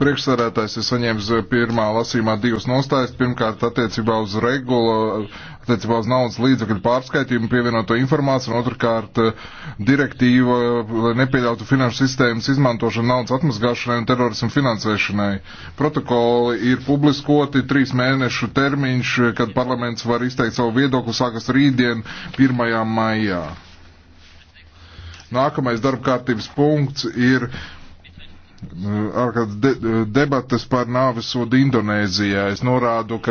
priekšsarētājs ir saņēmis pirmā lasīmā divas nostājas. Pirmkārt, attiecībā uz regulu, attiecībā uz naudas līdzekļu pārskaitījumu pievienoto informāciju, un otrkārt, direktīva, lai nepieļautu finanšu sistēmas izmantošanu naudas atmazgāšanai un terorismu finansēšanai. Protokoli ir publiskoti, trīs mēnešu termiņš, kad parlaments var izteikt savu viedokli, sākas rītdien, 1. maijā. Nākamais darba kārtības punkts ir ārkārtas de, debates par nāvesodu Indonēzijā. Es norādu, ka